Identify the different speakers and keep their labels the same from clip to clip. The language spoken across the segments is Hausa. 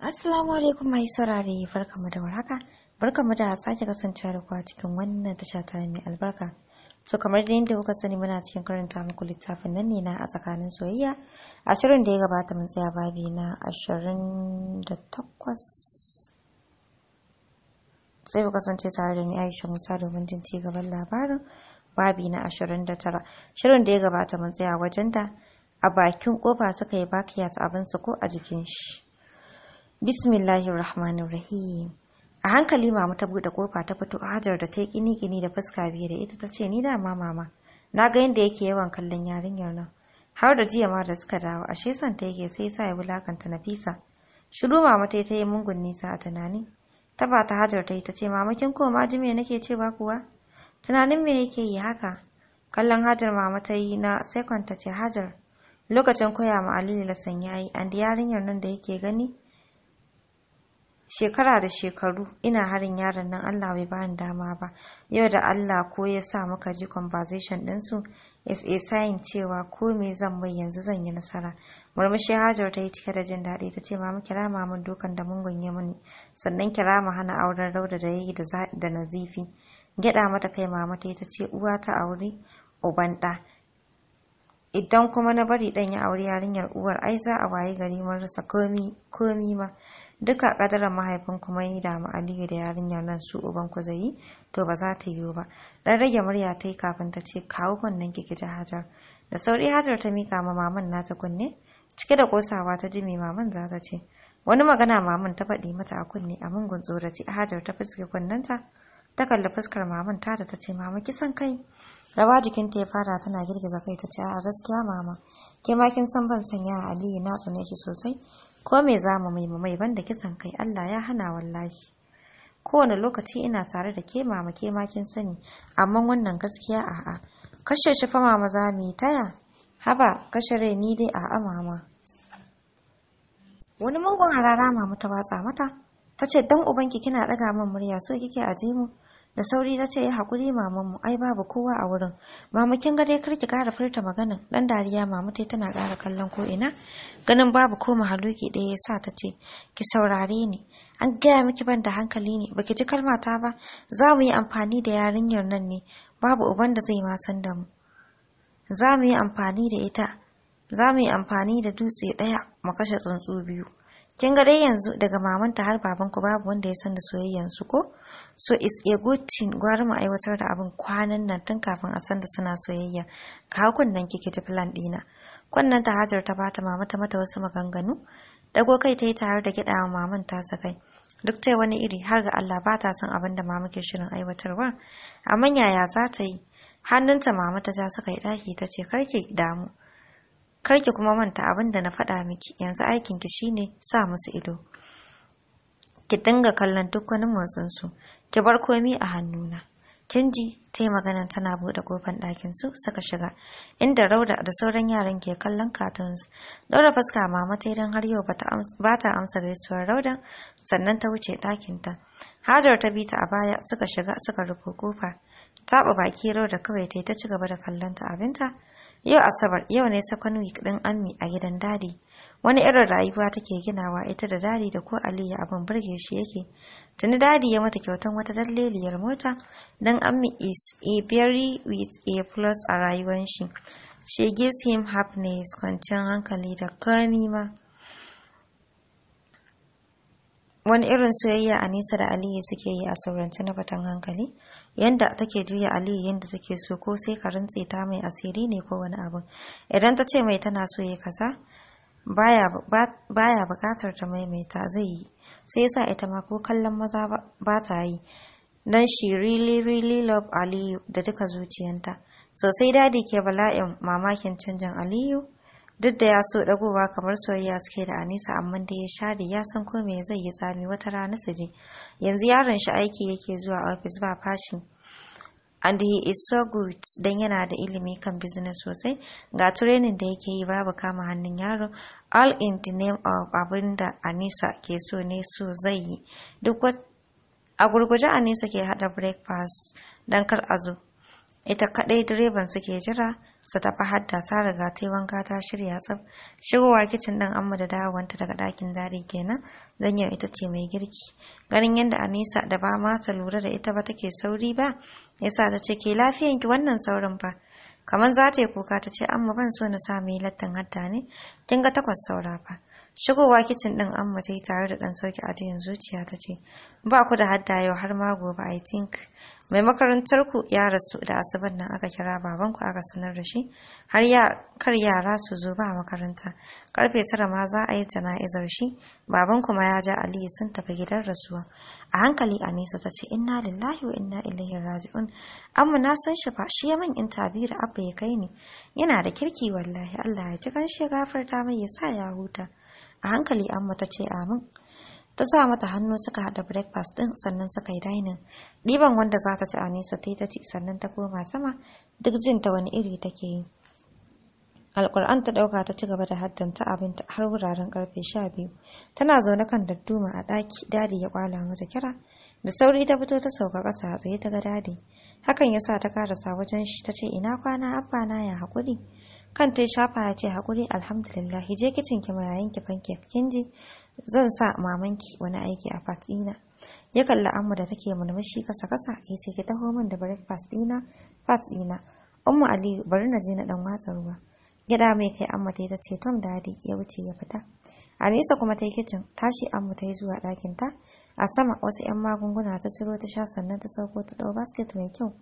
Speaker 1: Assalamu alaikum mai saurare farkamu da warhaka. Barkamu da sake kasancewa da kuwa cikin wannan tasha ta mai albarka. To kamar da yadda kuka sani muna cikin karanta muku littafin nan ne na a tsakanin soyayya. A shirin da ya gabata mun tsaya babi na ashirin da takwas. Sai ku kasance tare da ni Aisha Musa domin jin ci gaban labarin babi na ashirin da tara. Shirin da ya gabata mun tsaya wajen da a bakin kofa suka yi bakiya bakiyat abinsu ko a jikin shi. Bismillahirrahmanirrahim. A hankali mama ta buɗe kofa ta fito Hajar da ta yi kini-kini da fuska biyu da ita ta ce ni dama mama. Na ga yadda yake yawan kallon yarinyar nan. Har da jiya ma da suka dawo ashe son ta yake sai sa ya wulakanta na fisa. Shiru mama ta yi ta yi mungun nisa a tunani. Ta ba ta Hajar ta yi ta ce mama kin koma ji me nake ba kuwa? Tunanin me yake yi haka? Kallon Hajar mama ta yi na second ta ce Hajar. Lokacin koya ma Aliyu lasan yayi and yarinyar nan da yake gani shekara da shekaru ina harin yaron nan Allah bai bani dama ba yau da Allah ko ya sa muka ji conversation ɗinsu sa sayin cewa ko me zan mai yanzu zan yi nasara murmushi hajar ta yi cike da jin daɗi ta ce mamu kira mamun dukan da mun gunye mini sannan kira mu hana auren rauda da yayi da nazifi gyaɗa mata kai mama ta yi ta ce uwa ta aure uban ɗa idan kuma na bari ɗan ya aure yarinyar uwar ai za a waye gari mun rasa komi komi ma duka kadarar mahaifin kuma ya damu aliyu da yarinyar nan su uban ku zai yi to ba za ta yiwu ba dan rage murya ta yi kafin ta ce kawo kunnen ki ki hajar da sauri hajar ta mika ma maman nata kunne cike da kosawa ta jimi maman za ta ce wani magana maman ta faɗi mata a kunne a mungun tsorati hajar ta fuske kunnenta ta kalli fuskar maman ta da ta ce mama kisan kai rawa jikinta ya fara tana girgiza kai ta ce a gaskiya mama ke kin san ban sanya aliyu na tsane shi sosai ko me za mu mai mai banda kisan kai Allah ya hana wallahi kowane lokaci ina tare da ke mama ke ma sani amma wannan gaskiya a'a kashe shi fa mama za mu yi taya haba kashe rai ni dai a'a mama wani mungon harara mama ta watsa mata ta ce dan ubanki kina daga min murya so kike aje mu da sauri ta ce ya haƙuri mamanmu ai babu kowa a wurin mama kin ga dai kar ki ƙara furta magana. dan dariya mama tai tana ƙara kallon ko ina ganin babu ko mahaluki ɗaya ya sa ta ce ki saurare ni an gaya miki ban hankali ne baki ji kalmata ba za mu yi amfani da yarinyar nan ne babu uban da zai ma san da mu za mu yi amfani da ita za mu yi amfani da dutse ɗaya mu kashe tsuntsu biyu kin ga dai yanzu daga mamanta har babanku babu wanda ya san da soyayyan su ko so is a good thing gwara mu aiwatar da abin kwanan nan tun kafin a san da suna soyayya ka hakun nan kike ta plan dina kunnan ta hajar ta bata mama ta mata wasu maganganu dago kai ta yi tare da gidawa maman ta sa kai duk ta wani iri har ga Allah ba ta son abin da mama ke shirin aiwatarwa amma yaya za ta yi hannunta mama ta ja suka yi daki ta ce karki damu kar ki kuma manta abin da na faɗa miki yanzu aikinki ki shine sa musu ido ki dinga kallon duk wani motsin su ki bar komi a hannuna kin ji ta yi maganan tana buɗe kofar ɗakin su suka shiga inda rauda da sauran yaran ke kallon cartoons daura fuska mama ta idan har yau ba ta amsa gaisuwar rauda sannan ta wuce ɗakinta hajar ta bi ta a baya suka shiga suka rufe kofa taɓa baki rauda kawai ta ta ci gaba da kallon ta abinta Yau Asabar, yau ne sakon week ɗin Ammi a gidan dadi. Wani irin rayuwa take ginawa ita da dadi da ko Aliyu abin burge shi yake. Tuni dadi ya mata kyautan wata dalliliyar mota don Ammi is a very with a plus a rayuwar shi. She gives him happiness, kwanciyar hankali da komi ma. Wani irin soyayya a nesa da Aliyu suke yi a saurance na fatan hankali. yanda take juya aliyu yanda take so ko sai ka rantse ta mai asiri ne ko wani abu. idan ta ce mai tana so ya kaza baya bukatar ta maimaita zai yi sai yasa ita ma ko kallon maza ba ta yi dan shi really really love aliyu da duka zuciyanta sosai dadi ke bala'in mamakin canjin aliyu duk da ya so dagowa kamar soyayya suke da anisa amma da ya share ya san ko me zai yi tsami wata rana su je yanzu yaron shi aiki yake zuwa ofis ba fashion and he is so good dan yana da ilimi kan business sosai ga training da yake yi babu kama hannun yaro all in the name of abin anisa ke so ne so zai yi duk a gurguje anisa ke hada breakfast dan kar a zo ita kadai direban suke jira su tafi hadda ta riga ta yi wanka ta shirya tsaf shigowa kicin din amma da dawowanta daga ɗakin zari kenan zanyar ita ce mai girki ganin yadda anisa da ba ma ta lura da ita ba take sauri ba yasa ta ce ke lafiyanki wannan saurin ba? kamar za ta yi kuka ta ce amma ban so na sa mai lattan hadda ne kin ga takwas saura fa shigowa kicin din amma ta yi tare da ɗan sauki a zuciya ta ce ba ku da hadda yau har ma gobe i think mai makarantar ku ya rasu da asibar nan aka kira babanku aka sanar da shi har kar yara su zo ba makaranta karfe tara ma za a yi jana'izar shi babanku ma ya ja aliyu sun tafi gidan rasuwa a hankali nesa ta ce inna lillahi wa inna ilaihi raji'un amma na san shi fa shi ya man intabi da abba ya kai ni yana da kirki wallahi allah ya ji kan shi gafarta mai ya sa ya huta a hankali amma ta ce amin ta sa mata hannu suka haɗa breakfast ɗin sannan suka yi dining ɗiban wanda za ta ci a nesa ta yi ta ci sannan ta koma sama duk jin ta wani iri take yi alƙur'an ta ɗauka ta ci gaba da haddanta abinta har wuraren karfe sha biyu tana zaune kan dadduma a ɗaki dadi ya kwala mata kira da sauri ta fito ta sauka ƙasa a tsaye ta ga dadi hakan ya sa ta karasa wajen shi ta ce ina kwana abba na ya haƙuri kan ta shafa ya ce haƙuri alhamdulillah je kicin ki ma yayin ki fanke kin ji zan sa mamanki wani aiki a fat ɗina ya kalli amma da take murmushi kasa kasa ya ce ki taho min da breakfast ɗina fat ɗina umma aliyu bari na je na dan watsa ruwa gida mai kai amma ta ce tom dadi ya wuce ya fita Anisa kuma ta yi kicin, tashi amma ta yi zuwa ta a sama wasu 'yan magunguna ta ciro ta sha sannan ta sauko ta ɗau basket mai kyau.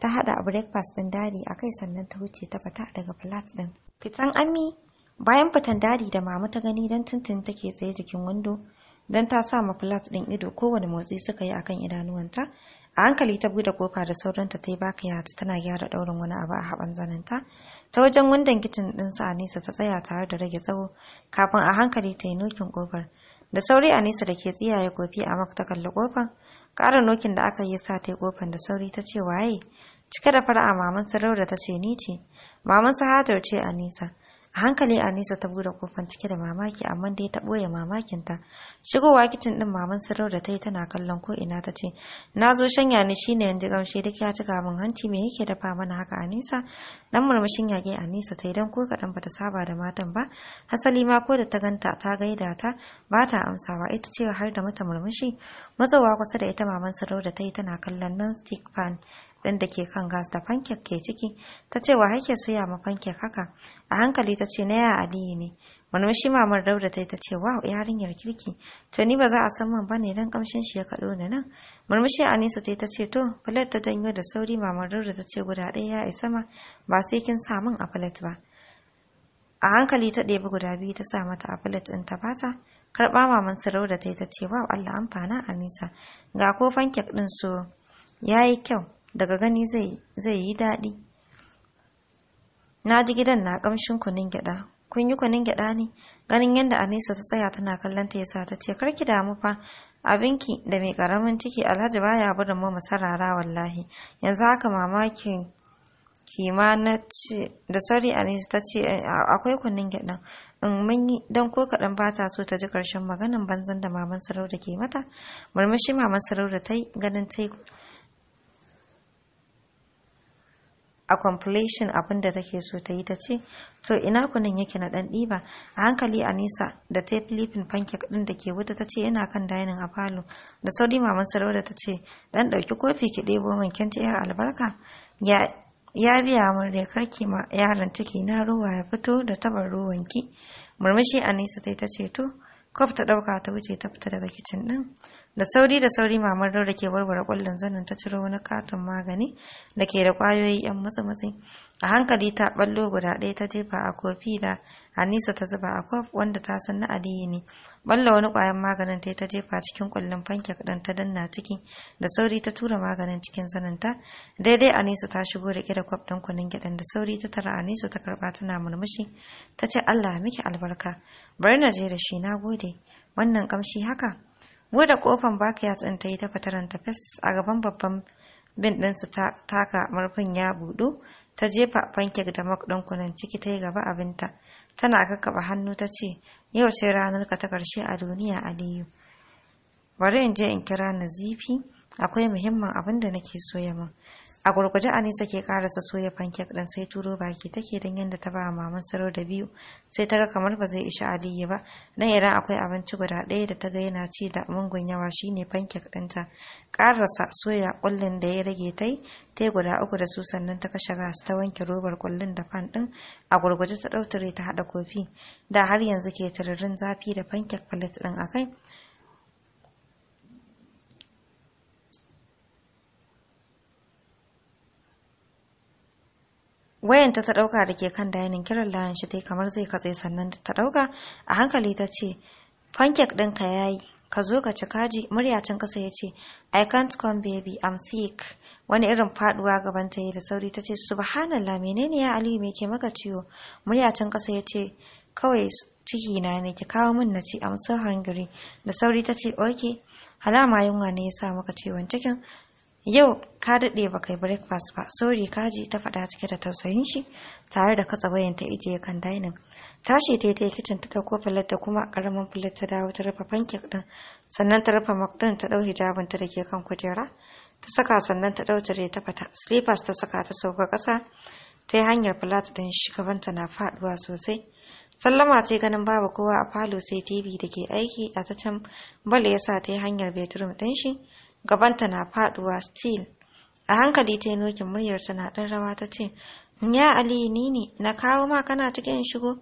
Speaker 1: Ta haɗa breakfast ɗin dadi akai sannan ta wuce ta fita daga flat ɗin. Fitan ami bayan fitan dadi da mama ta gani don tuntun take tsaye jikin wando don ta sa ma flat ɗin ido kowane motsi suka yi akan idanuwanta a hankali ta bude kofa da sauranta ta yi baka yata tana gyara ɗaurin wani abu a haɓan zaninta. ta wajen wandon kicin din a nesa ta tsaya tare da rage tsawo kafin a hankali ta yi nokin kofar da sauri Anisa da ke tsiyaye kofi a maka ta kalli kofar ƙara nokin da aka yi sa ta yi kofar da sauri ta ce waye cike da fara'a maman da ta ce ni ce maman sahadar ce Anisa. nesa a hankali anisa ta bude kofan cike da mamaki amma dai ta boye mamakin ta shigowa kicin din maman sarau da ta yi tana kallon ko ina ta ce na zo shanya ni shine yanzu gamshe duk ya cika min hanci me yake dafa mana haka a nisa? dan murmushin yage anisa ta idan ko kadan bata saba da matan ba hasali ma ko da ta ganta ta gaida ta ba ta amsawa ita ce har da mata murmushi Matsowa kusa da ita maman sarau da ta yi tana kallon non stick pan dan da ke kan gas da pankek ke ciki ta ce wa hake soya ma fankek haka a hankali ta ce na ya aliyu ne murmushi mamar dauda ta ta ce wa yarinyar kirki to ni ba za a san man ba ne don kamshin shi ya kaɗo nan murmushi anisa ta yi ta ce to falet ta janyo da sauri mamar dauda ta ce guda ɗaya ya isa ma ba sai kin sa min a falet ba a hankali ta ɗebi guda biyu ta sa mata a falet ɗin ta bata karɓa maman sarauda ta yi ta ce Wa allah amfana anisa ga ko fankek ɗin so ya yi kyau daga gani zai yi daɗi na ji gidan na ƙamshin kunin gyaɗa kun yi kunin gyaɗa ne ganin yadda anisa ta tsaya tana kallon ta yasa ta ce karki damu fa abinki da mai ƙaramin ciki alhaji baya barin mu sarara wallahi yanzu haka mamakin kima na ce da sari anisa ta ce eh, akwai kunin gyaɗa in mun yi don ko kaɗan ba ta so ta ji ƙarshen maganin banzan da maman sarauta ke mata murmushi maman sarauta ta yi ganin ta yi a abin da take so ta yi ta ce to ina kunin yake na dan ɗiba a hankali a nesa da ta filipin pancake din da ke wuta ta ce yana kan dainin a falo da sauri maman sarauda ta ce dan ɗauki kofi ki ɗebo min kenti yar albarka ya biya mun da ki ma yaran ciki na ruwa ya fito da tabar ruwan ki murmushi a nesa ta ce to kof ta ɗauka ta wuce ta fita daga kicin ɗin da sauri da sauri mamar da ke warware kwallon zanin ta ciro wani katon magani da ke da kwayoyi yan matsi-matsi a hankali ta ballo guda ɗaya ta jefa a kofi da anisa ta zuba a kwaf wanda ta san na aliyu ne balla wani kwayan maganin ta ta jefa cikin kwallon fanke kaɗan ta danna ciki da sauri ta tura maganin cikin ta. daidai anisa ta shigo da kira kwaf ɗin kunun gyaɗan da sauri ta tara anisa ta karɓa tana murmushi ta ce allah miki albarka bari na je da shi na gode wannan kamshi haka buɗe kofan backyard ɗin ta yi ta fataran ta fes a gaban babban bin ɗinsu ta taka murfin ya buɗu ta jefa pancake da mak ɗin kunan ciki ta yi gaba abinta tana kakkaɓa hannu ta ce yau ce ranar ka ta karshe a duniya aliyu bari in je in kira nazifi akwai muhimmin abin da nake so ya min a gurguje anisa ke karasa soya pancake din sai turo baki take dan yadda ta ba maman saro da biyu sai ta ga kamar ba zai ishi aliyu ba dan idan akwai abinci guda ɗaya da ta ga yana ci da mungun yawa shine pancake ɗinta karasa soya kullun da ya rage tai ta guda uku da su sannan ta kashe gas ta wanke robar kullun da fan din a gurguje ta ɗautare ta haɗa kofi da har yanzu ke tararin zafi da pancake plate ɗin akai wayanta ta dauka da ke kan dainin kiran layin shi dai kamar zai katse sannan ta dauka a hankali ta ce pancake ka ya yi ka zo ka ci kaji muryacin kasa ya ce i can't come baby i'm sick wani irin faduwa gaban ta yi da sauri ta ce subhanallah menene ya aliyu me ke maka ciwo muryacin kasa ya ce kawai ciki na ne ki kawo min na ci I'm so hungry da sauri ta ce okay halama yunwa ne ya sa maka ciwon cikin yau ka daɗe ba kai breakfast ba sorry kaji ta faɗa cike da tausayin shi tare da katsa wayan ta ijiye kan dining tashi ta ta kitchen ta dauko filet da kuma karamin filet ta dawo ta rufe pancake din sannan ta rufe mug din ta dau hijabin ta dake kan kujera ta saka sannan ta dau tare ta fata slippers ta saka ta sauka kasa ta yi hanyar flat din ta na faduwa sosai sallama ta ganin babu kowa a falo sai tv da ke aiki a ta can bale ya sa ta yi hanyar bedroom din shi gabanta na faduwa still a hankali ta nukin muryar na ɗan rawa ta ce ya ali ni na kawo ma kana cikin shigo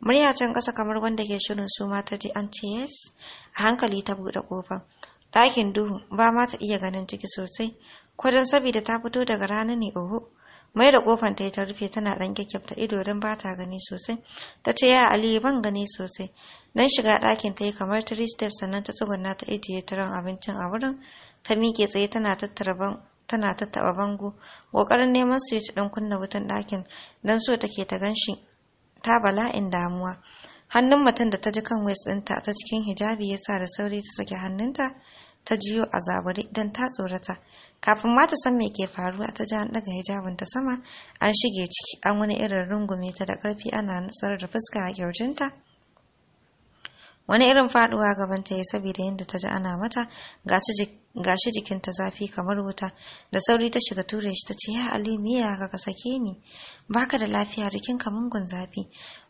Speaker 1: murya can ƙasa kamar wanda ke shirin su ma ta ji an ce yes a hankali ta buɗe kofa ɗakin duhu ba ma ta iya ganin ciki sosai ko sabida ta fito daga rana ne oho mai da kofar ta ta rufe tana dan kyakkyafta ido don ba ta gani sosai ta ce ya aliyu ban gani sosai dan shiga ɗakin ta yi kamar three steps sannan ta tsugunna ta ijiye tiran abincin a wurin ta miƙe tsaye tana tattara tana tattaɓa bango ƙoƙarin neman su ci ɗin kunna wutan ɗakin don so take ta ganshi ta bala'in damuwa hannun mutum da ta ji kan waist ɗinta ta cikin hijabi ya sa da sauri ta sake hannunta ta jiyo a zabari don ta tsorata kafin ma ta san me ke faruwa ta ji an daga hijabin ta sama an shige ciki an wani irin rungume ta da karfi ana nutsar da fuska a kirjinta wani irin faduwa gabanta ta yi saboda yadda ta ji ana mata ga ta gashi jikinta zafi kamar wuta da sauri ta shiga ture shi ta ce ya Ali, miya ya ka sake ni baka da lafiya jikin jikinka mungun zafi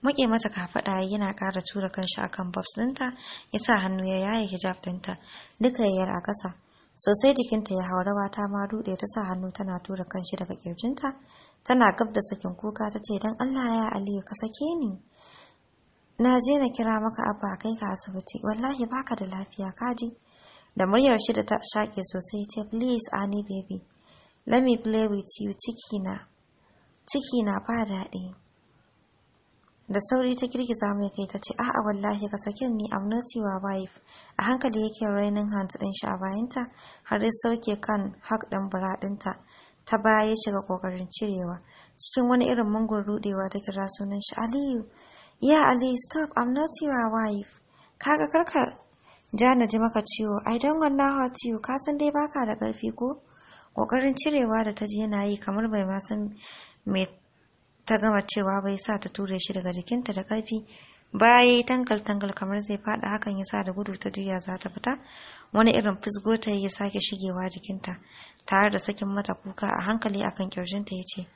Speaker 1: muke mata kafaɗa yana ƙara tura kanshi akan bobs ɗinta ya sa hannu ya yaye hijab dinta. duka yayar a ƙasa sosai jikinta ya haurawa ta ma ruɗe ta sa hannu tana tura kanshi daga kirjinta tana gab da sakin kuka ta ce don allah ya Ali ka sake ni na je na kira maka abba kai ka asibiti wallahi baka da lafiya kaji da muryar shi da ta shaƙe sosai ce please ani baby let me play with you ciki na ciki na ba daɗi da sauri ta girgiza mai kai ta ce a'a wallahi ka sakin ni I'm not wife a hankali yake rainin hand ɗin shi a bayanta har ya sauke kan hak din buraɗinta ta baya ya shiga kokarin cirewa cikin wani irin mungun rudewa ta kira sunan shi Aliyu ya Ali stop I'm not your wife kaga karka ja na ji maka ciwo i don wannan hot you ka san dai baka da ƙarfi ko ƙoƙarin cirewa da ta ji yana yi kamar bai ma san me ta gama cewa bai sa ta ture shi daga jikinta da ƙarfi baya yi tangal-tangal kamar zai faɗi hakan ya sa da gudu ta juya za ta fita wani irin fisgo ta ya sake shigewa jikinta tare da sakin mata kuka a hankali akan kirjinta ya ce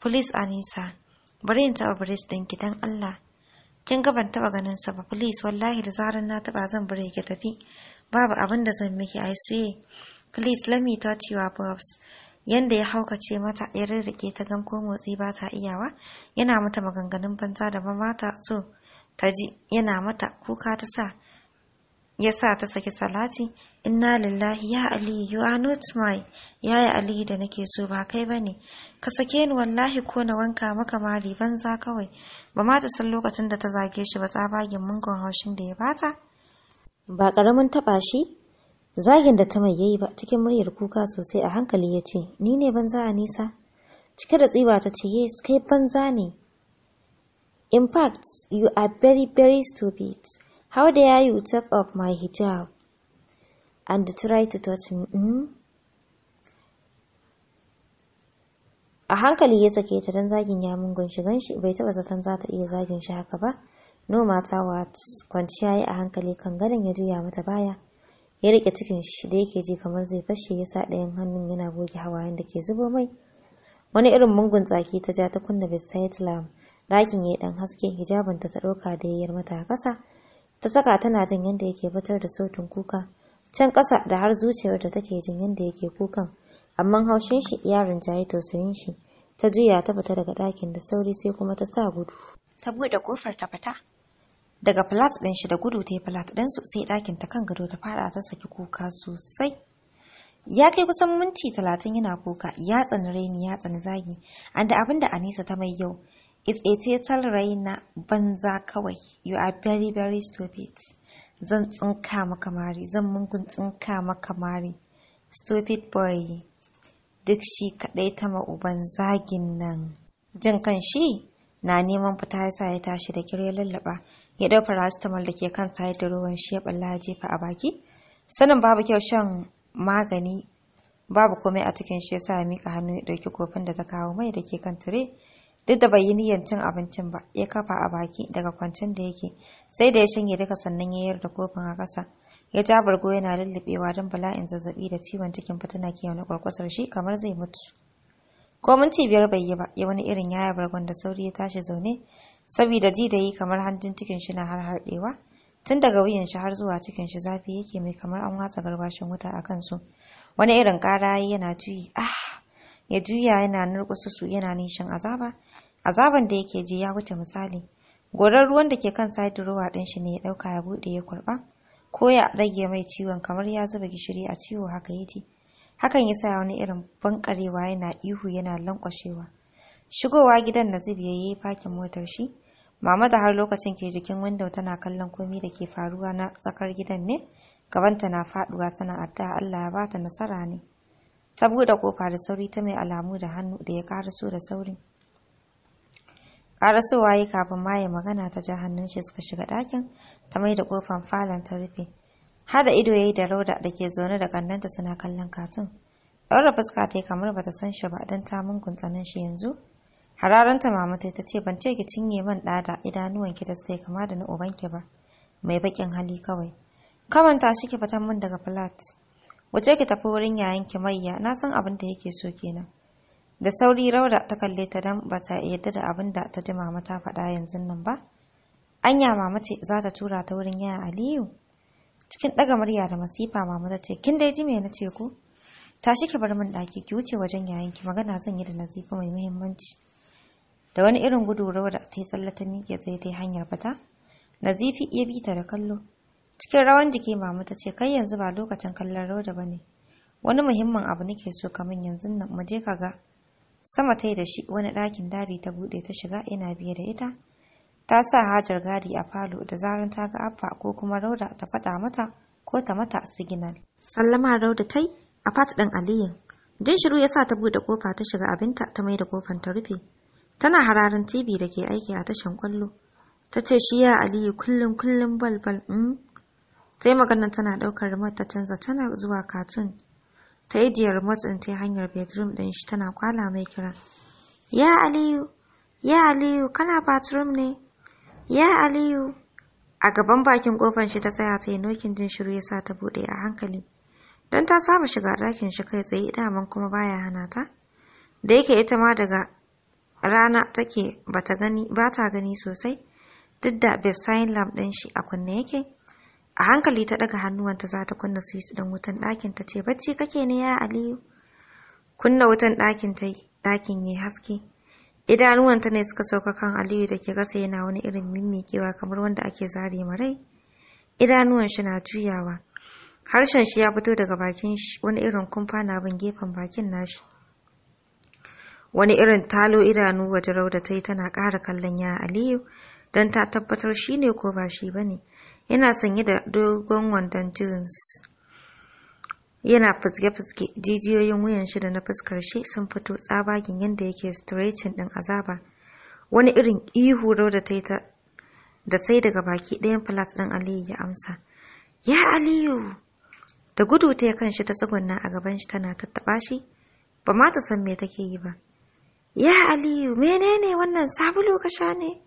Speaker 1: police anisa bari in taɓa bris ɗinki don allah kin ga ban taba ganin sa ba please wallahi da zarar na taba zan bare ki tafi babu abin da zan miki ai suye. please let me touch your boobs yanda ya haukace mata ya rirrike ta gam ko motsi ba ta iyawa yana mata maganganun banza da ba mata so ta ji yana mata kuka ta sa ya sa ta saki salati inna lillahi ya ali you are not my yaya ali da nake so ba kai bane ka sake ni wallahi ko na wanka maka mari banza kawai ba ma ta san lokacin da ta zage shi ba tsabagen mungon haushin da ya bata ba karamin taba shi zagin da ta mai yayi ba cikin muryar kuka sosai a hankali ya ce ni ne banza a nisa cike da tsiba ta ce yes kai banza ne in fact you are very very stupid How dare you take off my hijab? And try to touch me. Mm? A hankali ya sake ta don zagin ya mungun shigan shi bai taba zaton za ta iya zagin shi haka ba. No mata wa kwanciya ya a hankali kan gadon ya juya mata baya. Ya rike cikin shi da yake ji kamar zai fashe ya sa ɗayan hannun yana goge hawayen da ke zubo mai. Wani irin mungun tsaki ta ja ta kunna bisayitlam. ɗakin ya yi ɗan haske hijabinta ta ɗauka da ya yi mata a ƙasa. ta saka tana jin yadda yake fitar da sautin kuka can ƙasa da har zuciyar da take jin yadda yake kukan amma haushin shi ya rinjaye tausayin shi ta juya ta fita daga ɗakin da sauri sai kuma ta sa gudu ta buɗe kofar ta fita daga flat ɗin shi da gudu ta yi flat ɗin su sai ɗakin ta kan gado ta fara ta saki kuka sosai ya kai kusan minti talatin yana kuka ya tsani raini ya tsani zagi anda abin da anisa ta mai yau is a total raina banza kawai you are very very stupid zan tsinka maka mari zan mungun tsinka maka mari stupid boy duk shi kadai ta ma'uban zagin nan jin kan shi na neman fita yasa ya tashi da kire lallaba ya dau paracetamol da ke kan sayar da ruwan shi ya balla jefa a baki sanin babu kyau shan magani babu komai a cikin shi yasa ya mika hannu ya dauki kofin da ta kawo mai da ke kan tire duk da bai yi niyyar cin abincin ba ya kafa a baki daga kwancen da yake sai da ya shanye duka sannan ya yar da kofin a ƙasa ya ja bargo yana lullubewa don bala'in zazzabi da ciwon cikin fitina ke wani kwarkwasar shi kamar zai mutu ko minti biyar bai yi ba ya wani irin yaya bargon da sauri ya tashi zaune saboda ji da yi kamar hanjin cikin shi na har tun daga wuyan shi har zuwa cikin shi zafi yake mai kamar an watsa garbashin wuta a kansu wani irin ƙara yana juyi ah ya juya yana nurkusu su yana nishin azaba azaban da yake ji ya wuce misali gorar ruwan da ke kan side ruwa din shi ne ya dauka ya bude ya kurba ko ya rage mai ciwon kamar ya zuba gishiri a ciwo haka yaji hakan ya sa wani irin bankarewa yana ihu yana lankwashewa shigowa gidan na zubi ya yi fakin motar shi mama da har lokacin ke jikin window tana kallon komi da ke faruwa na tsakar gidan ne gabanta na faduwa tana addu'a Allah ya bata nasara ne ta bude kofa da sauri ta mai alamu da hannu da ya karaso da sauri su yi kafin maye magana ta ja hannun shi suka shiga ɗakin ta mai da kofan falon ta rufe hada ido yayi da rauda da ke zaune da kannanta suna kallon katun ɗaura fuska ta kamar ba ta san shi ba don ta tsanin shi yanzu hararanta mama ta ce ban ce ki cinye man ɗada ki da suka yi kama da na ubanki ba mai baƙin hali kawai kamanta shi ki fitan mun daga flat wuce ki tafi wurin ki mayya na san abin da yake so kenan da sauri rauda ta kalle ta dan ba ta yarda da abin da ta ji mama ta faɗa yanzu nan ba anya mama ce za ta tura ta wurin yaya aliyu cikin ɗaga murya da masifa mama ta ce kin dai ji me na ce ko tashi ki bar min ɗaki ki wuce wajen 'ya'yanki magana zan yi da nazifa mai muhimmanci da wani irin gudu rauda ta yi tsalle ta miƙe zai ta hanyar fita nazifi iya bi ta da kallo cikin rawan jiki mama ta ce kai yanzu ba lokacin kallon rauda ba ne wani muhimmin abu nake so kamin yanzu nan mu je ka ga Sama ta yi da shi wani ɗakin dadi ta buɗe ta shiga ina biye da ita. Ta sa hajar gadi a falo da zarar ta ga affa ko kuma Rauda ta faɗa mata ko ta mata signal. Sallama Rauda tai a fat ɗin Aliyu. Jin shiru ya sa ta buɗe kofa ta shiga abinta ta mai da kofan ta rufe. Tana hararin TV da ke aiki a tashan kwallo. Ta ce shi ya Aliyu kullum kullum bal bal. Mm? Sai maganar tana ɗaukar remote ta canza tana zuwa katun. ta diyar motsin ta hanyar bedroom ɗin shi tana kwala mai kira ya aliyu ya aliyu kana bathroom ne ya aliyu a gaban bakin kofan shi ta tsaya ta yi nokin jin shiru ya sa ta buɗe a hankali don ta saba shiga dakin shi kai tsaye daman kuma baya hana ta da yake ita ma daga rana take bata gani bata gani sosai duk da besayin lamp ɗin shi a kunne yake a hankali ta daga hannuwanta za ta kunna switch din wutan ɗakin ta ce bacci kake ne ya aliyu kunna wutan ɗakin ta ɗakin yayi haske idanuwanta ne suka sauka kan aliyu da ke gasa yana wani irin mimmiƙewa kamar wanda ake zare marai idanuwan shi na juyawa harshen shi ya fito daga bakin shi wani irin kumfa na bin gefen bakin nashi wani irin talo idanu waje rauda ta yi tana ƙara kallon ya aliyu don ta tabbatar shi ne ko ba shi ba ne yana sanye da dogon wandon jeans yana fizge-fizge jijiyoyin wuyan shi da na fuskar shi sun fito tsabagen yadda yake stretching din azaba wani irin ihu da ta ta da sai daga baki ɗayan flat ɗin aliyu ya amsa ya aliyu da gudu ta ya kanshi ta tsugunna a gaban shi tana tattaɓa shi ba ma ta san me take yi ba ya aliyu menene wannan sabulu ka sha ne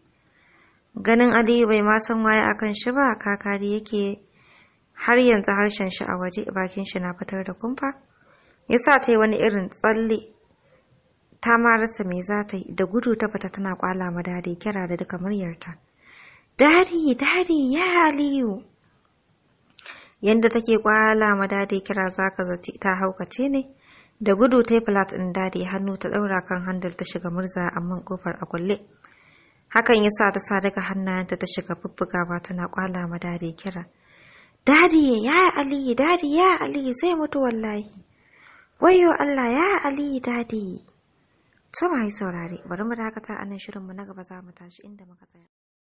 Speaker 1: ganin aliyu bai ma san waye akan shi ba kakari yake har yanzu harshen shi a waje bakin shi na fitar da kumfa yasa sa ta yi wani irin tsalle ta ma rasa me za ta yi da gudu ta fita tana kwala ma dadi kira da duka muryarta dadi dadi ya aliyu yadda take kwala ma dadi kira zaka zaci ta haukace ne da gudu ta yi flat ɗin dadi hannu ta ɗaura kan handle ta shiga murza amma kofar a kulle hakan ya sa ta sa daga hannayenta ta shiga bubbugawa tana kwala ma dare kira dariye ya aliyu dadi ya aliyu zai mutu wallahi wayo allah ya aliyu dadi to mai saurare bari mu dakata anan shirinmu na gaba za mu tashi inda muka tsaya